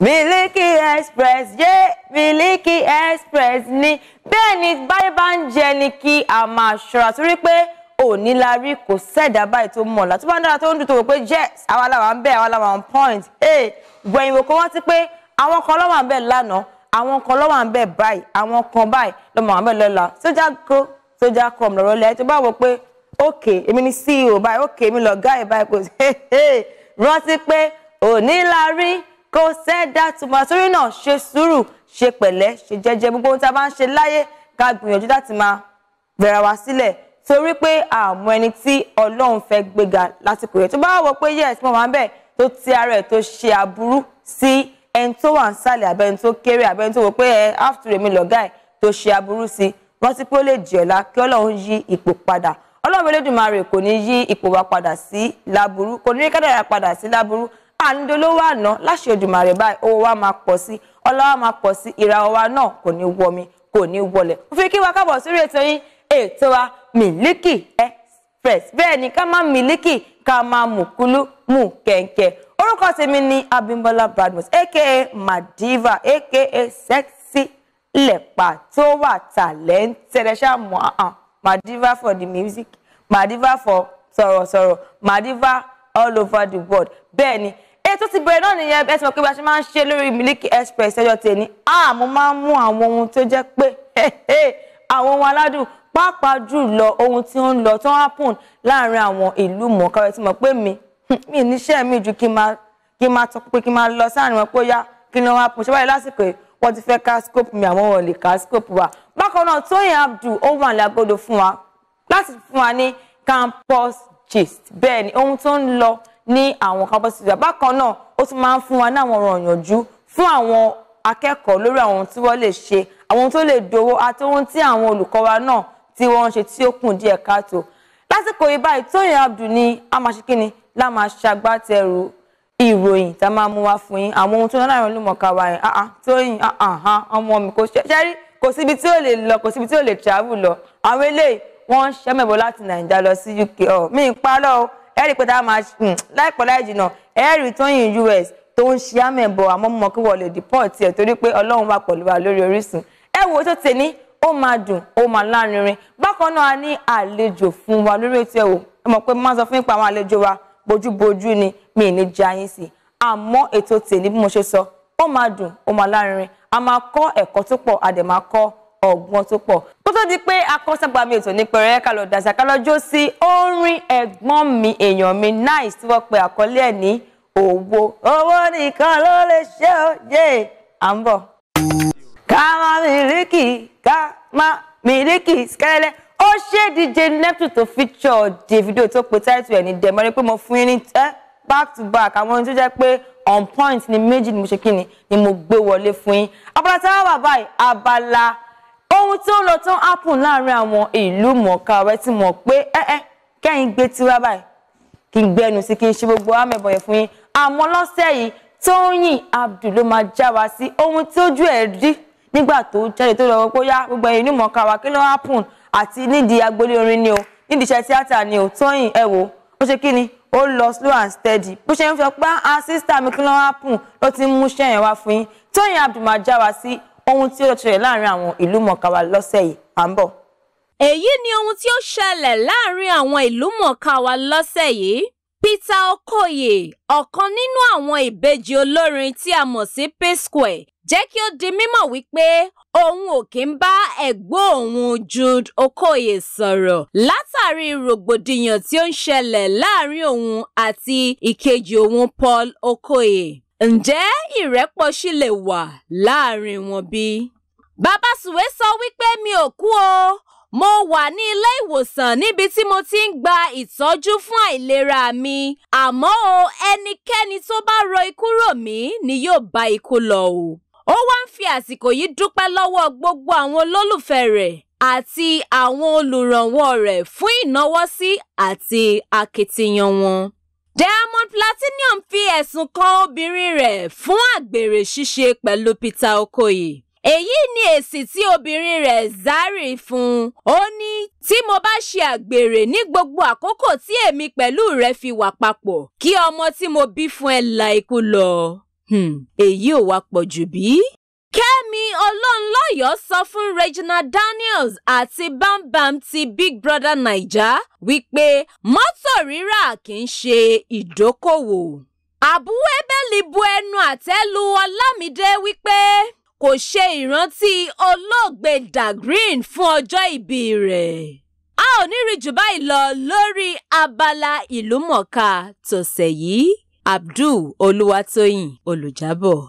Miliki Express yé Miliki Express ni bẹ́ẹ̀ ni báyìí bá ń jẹ ni kí a máa ṣọ́ra torí pé òní la rí kò sẹ́dá báyìí tó mọ̀ ọ̀la tó bá ń dára tó ń dùn tó wò pé yes àwa làwa ń bẹ̀ àwa làwa ń point ee eh, gbẹ̀yìnwó kan wọ́n ti pé àwọn kan lọ́wọ́ à ń bẹ̀ lánàá àwọn kan lọ́wọ́ à ń bẹ̀ báyìí àwọn kan báyìí lọ́mọ àwọn bẹ̀ lọ́la sójà kó sójà kó ọ̀mọ̀ lẹ́yìn tó bá wọ pé ok èmi ni CEO báyìí ok èmi lọ́gá ẹ̀ báyìí kò rántí pé òní la rí kò sẹ́dá tuma torí náà ṣe sùúrù ṣe pẹ̀lẹ́ ṣe jẹ́jẹ́ gbogbo ohun tá a bá ń ṣe láyé ká gbìyànjú láti máa bẹ̀rẹ̀ wá sílẹ̀ torí pé àmọ́ ẹni tí ọlọ́run fẹ́ gbéga lásìkò yẹn tó bá wọ pé yes mo máa ń bẹ̀ tó ti ara ẹ̀ tó ṣe aburú sí ẹni tó wà ń sàlẹ̀ abẹ́ni tó kéré abẹ́ni tó wò pé ẹ after èmi lọ̀gá ẹ̀ tó ṣe aburú sí rántí pé ó lè jẹ́ ọ̀la kí ọlọ́run yí ipò padà ọlọ́run Olódùmarè kò ní yí ipò wa padà sí láburú kò ní rí kádàrá padà sí láburú àǹdolówó àná láṣẹ Olódùmarè báyìí owó wa máa pọ̀ sí ọlá wa máa pọ̀ sí ìràwọ̀ wa náà kò ní wọmi kò ní wọlẹ̀ mo fi kí wa kábọ̀ sórí ètò yín ètò wa Miliki Express bẹ́ẹ̀ ni ká máa Miliki ká máa mùkúlú mú kẹ̀kẹ́ orúkọ tèmi ni Abímbọ́lá Badmus aka Madiva aka sexy lẹ̀pà tó wà tàlẹ́ńtẹ̀rẹ̀ ṣáà mọ́ Madiva for the music Madiva for sọ̀rọ̀sọ̀rọ̀ Madiva all over the world bẹ́ẹ̀ ni ètò ti bẹ̀rẹ̀ náà nìyẹn ẹ ti mọ̀ pé bá ṣe máa ń ṣe lórí Miliki Express ẹjọ́ tèmi a mo máa ń mú àwọn ohun tó jẹ́ pé àwọn ohun aládùn pàápàá jùlọ ohun tí ó ń lọ tó ń happen láàrin àwọn ìlú mọ̀ọ́ká ẹ ti mọ̀ pé mi mi níṣẹ́ mi ju kí n máa kí n máa tọ́ pé kí n máa lọ sáàrin wọn pé ó yá kí n lọ wá pọ̀ ṣe báyìí lásìkò yìí wọ́n ti fẹ́ ká scope mi àwọn wọn lè ká scope wa bákan náà Tóyìn Abdul ó wà lágodo fún wa láti fún wa ní campus gist bẹ́ẹ̀ ni ohun tó ń lọ ní àwọn campus visa bákan náà ó tún máa ń fún wa ní àwọn ọ̀rọ̀ ìyànjú fún àwọn akẹ́kọ̀ọ́ lórí àwọn ohun tí wọ́n lè ṣe àwọn ohun tó lè dowó àti ohun tí àwọn olùkọ́ wa náà tí wọ́n ṣe tí ó kùn díẹ̀ káàtó lásìkò yìí báyìí Tóyìn Abdul ní amáṣekínni la máa ṣagbátẹrù ìròyìn tá a máa mú wá fún yín àwọn ohun tó ń láàrin olùmọ̀ọ́ká wa yẹn ah ah Tóyìn ah ah, ah ọmọ mi kò ṣe ṣẹ́rí kò síbi tí ò lè lọ kò síbi tí ò lè travel lọ àwọn eléyìí wọ́n ń ṣẹ́mẹ̀bọ̀ láti Nàìjíríà ẹ i pé tá a máa hmm, láìpẹ́ láì jìnnà ẹ rí i US tó ń ṣe àmẹ̀bọ̀ àmọ́ mọ̀ kí wọ́n lè deport ẹ̀ torí pé Ọlọ́run wà pẹ̀lú wa lórí Orísun ẹ wo tó tẹ̀ ní ó máa dùn ó máa lárinrin bákan náà a ní àlejò fún wa lórí ètò ẹ̀wò ẹ mọ̀ pé máa sọ fún ipa àwọn àlejò wa bójúbójú ni mi ní jẹ ayín sí àmọ́ ètò tèmi bí mo ṣe sọ ó máa dùn ó máa lárinrin a máa kọ́ ẹ̀kọ́ tó pọ̀ a dẹ̀ máa kọ́ ọgbọ́n tó pọ̀ kó tó di pé akọ́sàgbà mi ètò ní pẹ̀rẹ́ ká lọ dàsà ká lọ jó sí orin ẹ̀gbọ́n mi èèyàn mi nice tí wọ́n pe àkọlé ẹ̀ ní owó owó nìkan ló lè ṣe ó yé à ń bọ̀. ká má mílíkì ká má mílíkì skẹ́lẹ́ ó ṣe DJ Neptune tó feature Davido tó pe táìtù ẹ̀ ní dẹ̀mọ́ ni pé mo fún yín ní ẹ́ back to back àwọn ohun tó jẹ́ pé on point ni méjì ni mo ṣe kí ni ni mo gbé wọlé fún yín abala tí wọ́n wà báyìí abala ohun tó ń lọ tó ń láàrin àwọn ìlú mọ̀ọ́ká wẹ́ tí mọ̀ pé ẹ́ẹ́ kẹ́yìn gbé tiwa báyìí kí n gbẹnu sí kí n ṣe gbogbo amẹ̀bọ̀ yẹn fún yín àmọ́ lọ́sẹ̀ yìí Tóyìn Abdul ló máa já wa sí ohun tí ojú ẹ̀ rí nígbà tó jáde tó lọ́wọ́ pé ó yá gbogbo ẹ̀yìn ìlú mọ̀ọ́ká wa kí ló happen àti nídìí agboolé orin ni o nídìí iṣẹ́ tíátà ni o Tóyìn ẹ̀ wò ó ṣe kí ni ó lọ slow and steady bó ṣe ń fẹ́ pé a ah, sísítà mi kí ló happen ló ti ń múṣẹ́ yẹn wá fún yín Tóyìn Abdul máa já wa sí ohun tí ó ṣẹlẹ̀ láàrin àwọn ìlú mọ̀ọ́ká wa lọ́sẹ̀ yìí à ń bọ̀. èyí ni ohun tí ó ṣẹlẹ̀ láàrin àwọn ìlú mọ̀ọ́ká wa lọ́sẹ̀ yìí Peter Okoye ọ̀kan nínú àwọn ìbejì olórin tí a mọ̀ sí P-Square jẹ́ kí ó di mímọ̀ wípé òun ò kí ń bá ẹ̀gbọ́n òun Jude Okoye sọ̀rọ̀ látàrí rògbòdìyàn tí ó ń ṣẹlẹ̀ láàrin òun àti ìkejì òun Paul Okoye. Ǹjẹ́ ìrẹ́pọ̀ ṣì lè wà láàrin wọn bí? Bàbá sọ wípé mi ò kú o, mo wà ní ilé ìwòsàn níbi tí mo ti ń gba ìtọ́jú fún àìlera mi. Àmọ́ o, ẹnikẹ́ni tó bá ro ikú rò mí ni yóò bá ikú lọ o. Ó wá ń fi àsìkò yìí dúpẹ́ lọ́wọ́ gbogbo àwọn olólùfẹ́ rẹ̀ àti àwọn olùrànwọ́ rẹ̀ fún ìnáwó sí àti akitiyan wọn. Diamond platinum fi ẹ̀sùn kan obìnrin rẹ̀ fún àgbèrè ṣíṣe pẹ̀lú Peter Okoye èyí ni èsì tí obìnrin rẹ̀ Zari fún un ó ní tí mo bá ṣe àgbèrè ní gbogbo àkókò tí èmi pẹ̀lú rẹ̀ fi wà papọ̀ kí ọmọ tí mo bí fún ẹ la ikú lọ hmm, èyí ò wá pọ̀ bí? Ọláyọ̀ sọ fún Regina Daniels àti Bambam ti Big Brother Naija wípé mọ́tò rírà kì í ṣe ìdókòwò. Àbúrò Ebeli bu ẹnu àtẹ́ lu Ọlámídé wípé kò ṣe ìrántí olóògbé Dagreen fún ọjọ́ ìbí rẹ̀. A ò ní rí jù báyìí lọ lórí abala ìlúmọ̀ọ́ká tọ̀sẹ̀ yìí. Abdul Olúwatóyìn olùjábọ̀.